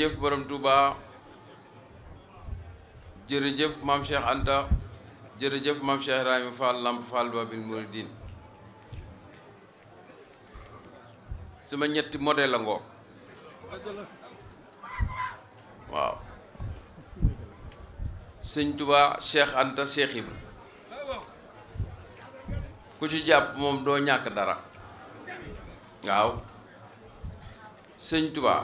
jërëjëf borom Touba jërëjëf maam Cheikh Anta jërëjëf maam Cheikh Ibrahima Fall Lamp Fall Babil Mouridine sama ñetti modèle la waaw sëñ Touba Cheikh Anta Cheikh Ibra ku ci jàpp moom doo ñàkk dara waaw sëñ Touba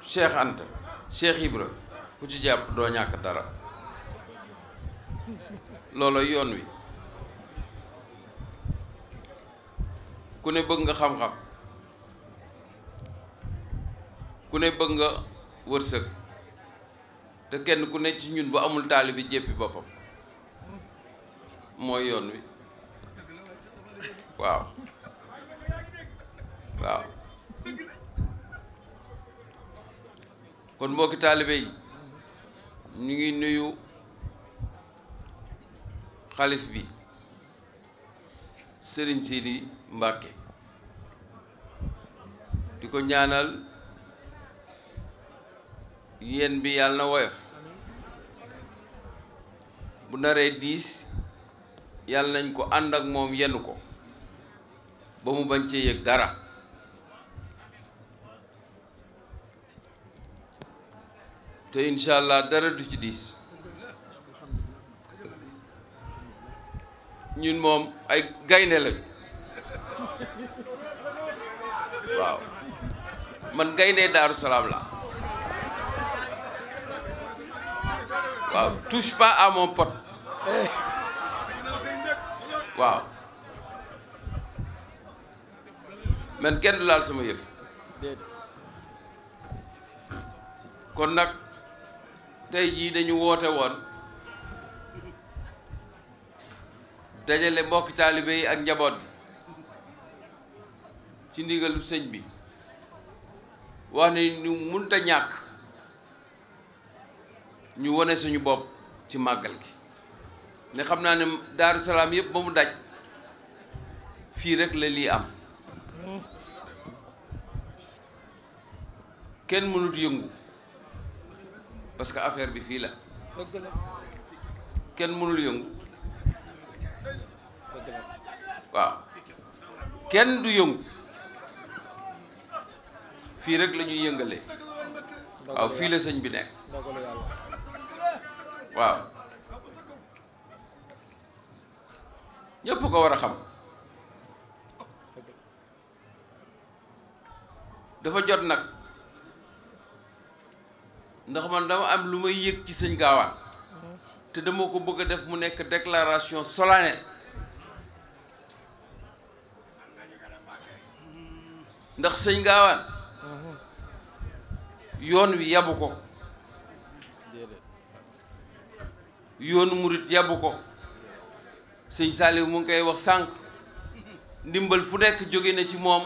Cheikh Anta Cheikh Ibra ku ci jàpp doo ñàkk dara loolo yoon wi ku ne bëgg nga xam-xam ku ne bëgg nga wërsëg te kenn ku ne ci ñun bu amul taalibi jéppi boppam mooy yoon wi waaw waaw kon mbokki taalibe yi ñu ngi nuyu xalis bi sëriñ si di Mbàkke di ko ñaanal yéen bi yàlla na woyof bu naree diis yàlla nañ ko ànd ak moom yenn ko ba mu bañ cee yëg dara te incha dara du ci diis ñun moom ay gaynde lañu waaw man gaynde Daaru Salaam la waaw touche pas à mon waaw man kenn laal sama yëf kon nag tey jii dañu woote woon dajale bokk taalibe yi ak njaboot bi ci ndigalu sëñ bi wax ne ñu munta ñàkk ñu wone suñu bopp ci màggal gi ne xam naa ne Daaru Salaam yépp ba mu daj fii rek la lii am kenn mënut yëngu parce que affaire bi fii la kenn mënul yëngu waaw kenn du yëngu fii rek la ñuy yëngalee waaw fii la sëñ bi nekk waaw ñépp ko war a xam dafa jot nag ndax man dama am lu may yëg ci sëñ gaawaan te dama ko bëgg a def mu nekk déclaration solennelle ndax sëñ gaawaan yoon wi yabu ko yoonu murit yabu ko sëñ Saliou mu ngi koy wax sànq ndimbal fu nekk jóge na ci moom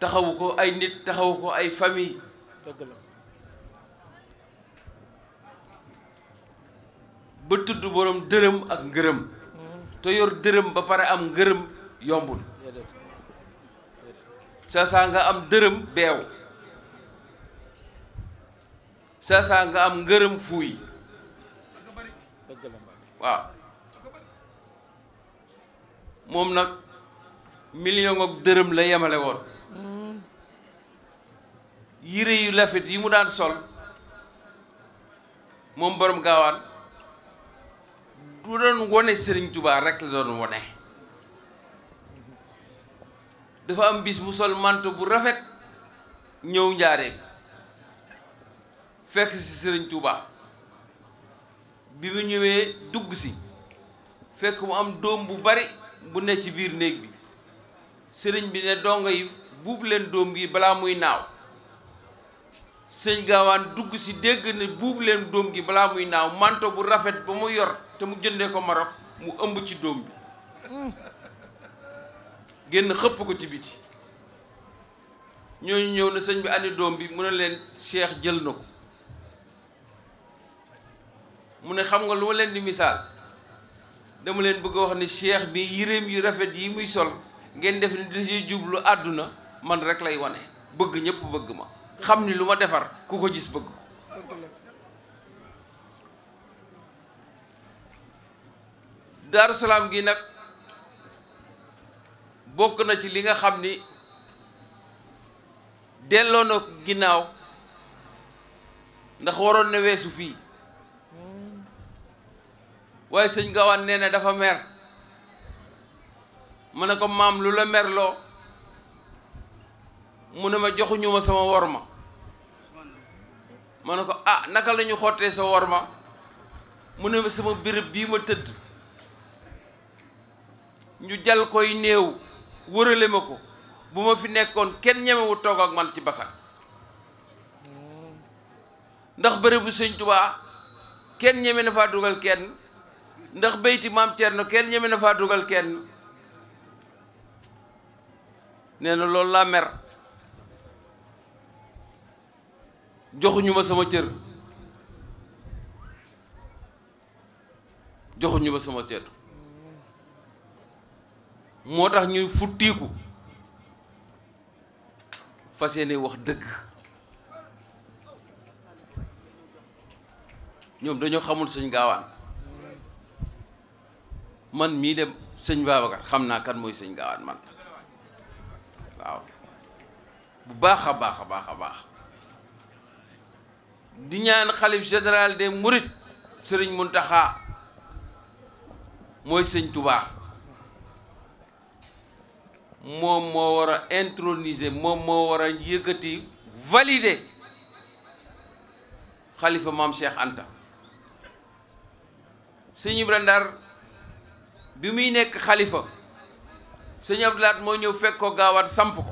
taxawu ko ay nit taxawu ko ay famille ba tudd borom dërëm ak ngërëm te yor dërëm ba pare am ngërëm yombul saa saa nga am dërëm beew saa saa nga am ngërëm fuuy waaw moom nag million ak dërëm la yemale woon yére yu lafit yi mu daan sol moom borom gaawaan du doon wone sëriñ Touba rek la doon wone dafa am bis mu sol manto bu rafet ñëw njaareem fekk si Serigne Touba bi mu ñëwee dugg si fekk mu am doom bu bari bu ne ci biir néeg bi sëriñ bi ne dongo yi buub leen doom gi balaa muy naaw sëñ gaawaan dugg si dégg ne buub leen doom gi balaa muy naaw manto bu rafet ba mu yor te mu jëndee ko Maroc mu ëmb ci doom bi génn xëpp ko ci biti ñooñu ñëw na sëñ bi andi doom bi mu ne leen Cheikh jël na ko mu ne xam nga lu ma leen di misaal dama leen bëgg a wax ne Cheikh bi yëreem yu rafet yi muy sol ngeen def ni dina jublu àdduna man rek lay wane bëgg ñëpp bëgg ma xam ni lu ma defar ku ko gis bëgg ko daaru salaam gi nag bokk na ci li nga xam ni delloo na ginnaaw ndax waroon na weesu fii waaye sëñ Gawane nee na dafa mer ma ne ko maam lu la merloo mu ne ma joxuñu ma sama worma ma ne ko ah naka lañu ñu xottee sa worma mu ne ma sama béréb bii ma tëdd ñu jal koy néew wërale ma ko bu ma fi nekkoon kenn ñemewu toog ak man ci basak ndax bërëb bu sëñ kenn ñeme na faa dugal kenn ndax béyti maam na kenn ñeme na faa dugal kenn nee na loolu laa mer joxuñu ma sama cër joxuñu ma sama cër moo tax ñuy futtiku fa yéene wax dëkk ñoom dañoo xamul sëñ gaawaan man mii dem sëñ Babacar xam naa kan mooy sëñ gaawaan man waaw bu baax a baax a baax a baax di ñaan xalif général de mourides sëriñ mun Muntaxa mooy sëñ Touba. moom moo war a introniser moom moo war a yëkkati valider xalifa maam Cheikh Anta sëñ Ibra Ndar bi muy nekk xalifa sëñ Abdou Lahad moo ñëw fekk ko gaawaat samp ko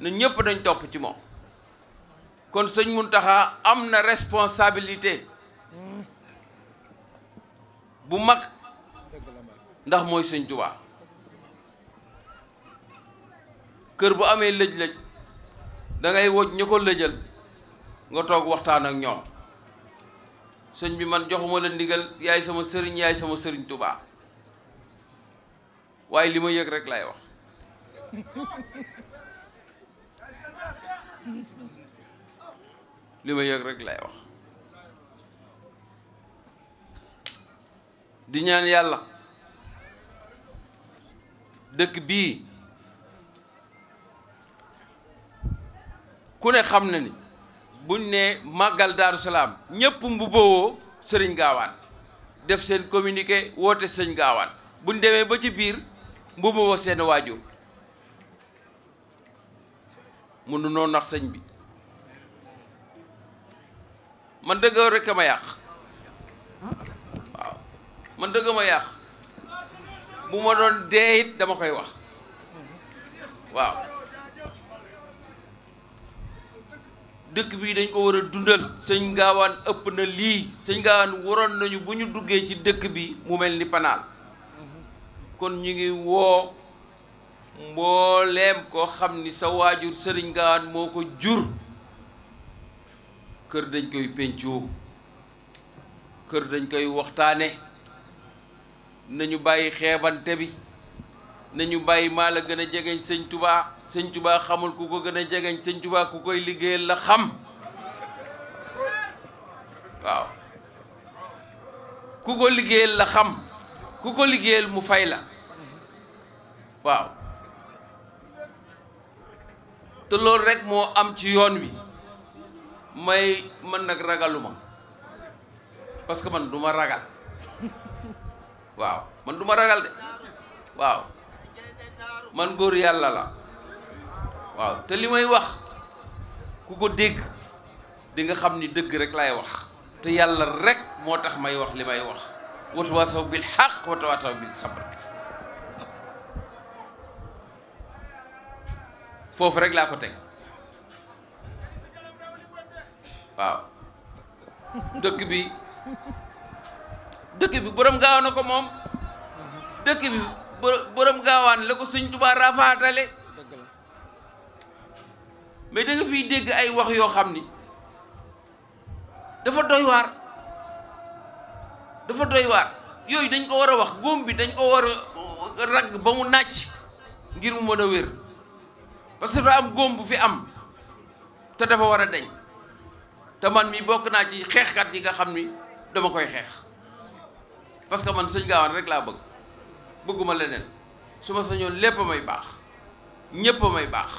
na ñëpp dañ topp ci moom kon sëñ Muntaxa am na responsabilité bu mag ndax mooy sëñ Tuubaa kër bu amee lëj-lëj dangay ngay woj ñu ko lëjal nga toog waxtaan ak ñoom sëñ bi man joxuma la ndigal yaay sama sëriñ yaay sama sëriñ tubaa waaye li ma yëg rek lay wax li ma yëg rek lay wax di ñaan yàlla dëkk bii ku ne xam na ni buñ ne màggal Daaru Salaam ñëpp mbubboo sëriñ gaawaan def seen communiqué woote sëñ gaawaan buñ demee ba ci biir mbubboo seen waajur mënu noonu nax sëñ bi man dëgg rekk ma yàq waaw man dëgg ma yàq bu ma doon dee dama koy wax waaw dëkk bii dañ ko war a dundal sëñ gaawaan ëpp na lii sëñ gaawaan waroon nañu bu ñu duggee ci dëkk bi mu mel ni panaan kon ñu ngi woo mbooleem koo xam ni sa waajur sëriñ gaawaan moo ko jur kër dañ koy pencoo kër dañ koy waxtaane nañu bàyyi xeebante bi nañu bàyyi maa la gën a jegeñ sëñ tubaa sëñ tubaa xamul ku ko gën a jegeñ sëñ tubaa ku koy liggéeyal la xam waaw ku ko liggéeyal la xam ku ko liggéeyal mu fay la waaw te loolu rek moo am ci yoon wi may mën nag ragaluma parce que man du ma ragal waaw man du ragal de waaw man góor yàlla la waaw te li may wax ku ko dégg dinga xam ni dëgg rek lay wax te yàlla rek moo tax may wax li may wax watawaasaw bil xaq watawaasaw bil sabr foofu rek laa ko teg waaw dëkk bi dëkk bi borom gaaw na ko moom dëkk bi borom gaawaan la ko sëñ Tuubaa rafaatale mais da nga fiy dégg ay wax yoo xam ni dafa doy waar dafa doy waar yooyu dañ ko war a wax góom bi dañ ko war a ragg ba mu nàcc ngir mu mën a wér parce que dafa am góom bu fi am te dafa war a deñ te man mi bokk naa ci xeexkat yi nga xam ni dama koy xeex parce que man sëñ gaawaan rek laa bëgg bëgguma leneen su ma sañoon lépp may baax ñépp may baax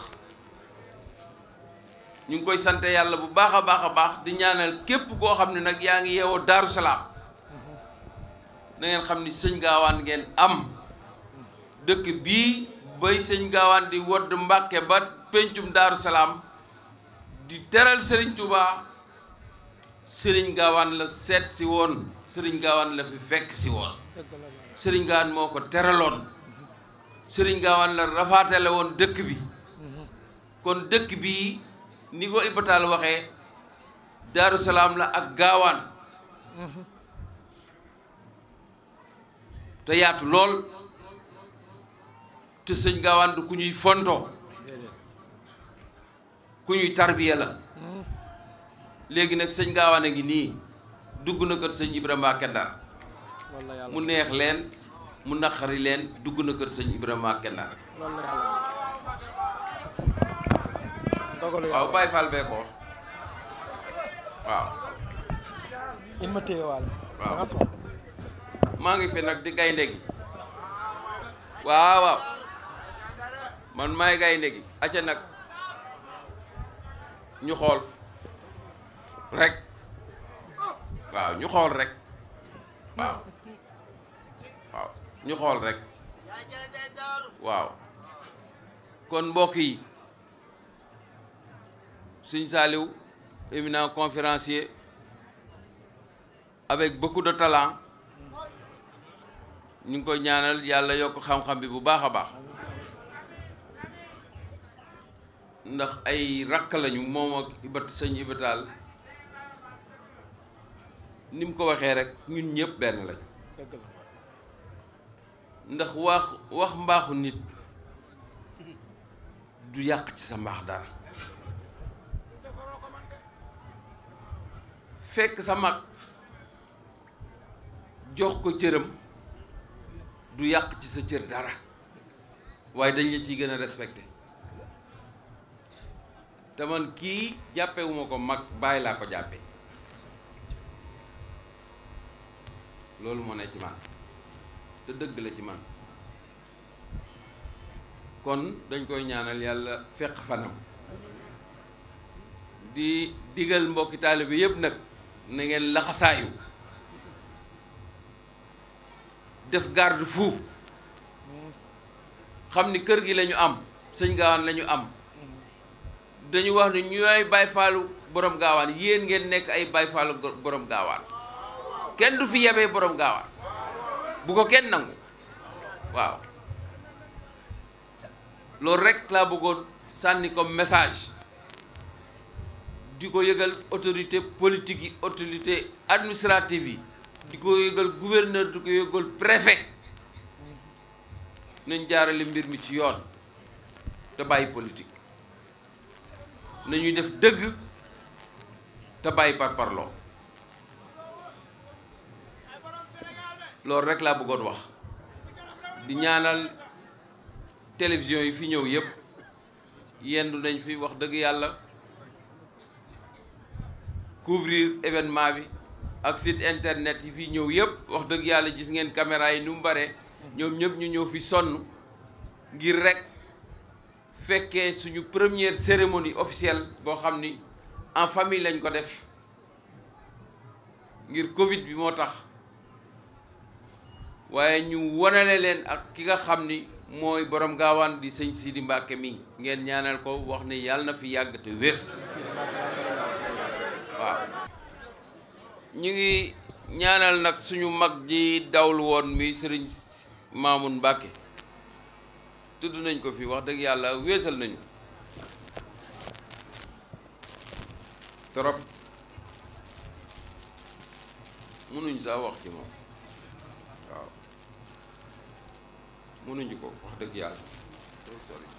ñu ngi koy sante yàlla bu baax a baax a baax di ñaanal képp koo xam ne nag yaa ngi yeewoo Daaru Salaam na xam ni sëñ gaawaan ngeen am dëkk bii bay sëñ gaawaan di wodd Mbàkke ba péncum Daaru Salaam di teral Sëriñ Tuubaa Sëriñ gaawaan la seet si woon Sëriñ gaawaan la fi fekk si woon sëriñ gaawaan moo ko teraloon sëriñ gaawaan la rafaatale woon dëkk bi kon dëkk bii ni ko Ibataal waxee Daaru la ak gaawaan te yaatu lool te sëñ gaawaan du ku ñuy fontoo ku ñuy tarbiya la léegi nag sëñ gaawaan a ngi nii dugg na kër sëñ Ibrahima Kendar mu neex leen mu naqari leen dugg na kër sëñ Ibrahima Kenda waaw Baye Fall bee ko waaw maa ngi fi nag di gaynde gi waaw waaw man maay gaynde gi acca nag ñu xool rek waaw ñu xool rek waaw ñu xool rek waaw kon mbokk yi Sëñ Saliou éminent conférencier avec beaucoup de talent ñu ngi koy ñaanal yàlla yokk xam-xam bi bu baax a baax ndax ay rakk lañu moom ak ibat sëñ ibataal ni mu ko waxee rek ñun ñëpp benn lañu ndax wax wax mbaaxu nit du yàq ci sa mbaax dara fekk sa mag jox ko cëram du yàq ci sa cër dara waaye dañ la ci gën a respecté te man kii jàppewuma ko mag bàyyi laa ko jàppe loolu moo ne ci man te dëgg la ci man kon dañ koy ñaanal yàlla fekk fanam di digal mbokki taalibe yépp nag nangeen ngeen laxasaayu def garde fou xam ni kër gi lañu am sëñ gaawaan lañu am dañu wax ni ñooy baay faalu borom gaawaan yéen ngeen nekk ay baay faalu borom gaawaan kenn du fi yebee boroom gaawaan bu ko kenn nangu waaw loolu rek laa bëggoon sànni comme message di ko yëgal autorité politique yi autorité administrative yi di ko yëgal gouverneur di ko yëgal préfet nañ jaarale mbir mi ci yoon te bàyyi politik nañuy def dëgg te bàyyi par parloo loolu rek laa bëggoon wax di ñaanal télévision yi fi ñëw yëpp yendu nañ fi wax dëgg yàlla couvrir événement bi ak site internet yi fi ñëw yëpp wax dëgg yàlla gis ngeen caméra yi nu mu bare ñoom ñëpp ñu ñëw fi sonn ngir rek fekkee suñu première cérémonie officielle boo xam ni en famille lañ ko def ngir Covid bi moo tax waaye ñu wanale leen ak ki nga xam ni mooy borom gaawaan di sëñ di Mbacke mi ngeen ñaanal ko wax ne yàlla na fi yàgg te wér waaw ñu ngi ñaanal nag suñu mag ji dawlu woon muy sëriñ Mamoun Mbacke tudd nañ ko fi wax dëgg yàlla wéetal nañu trop mënuñ saa wax ci moom mënuñu ko wax dëgg yàlla day sori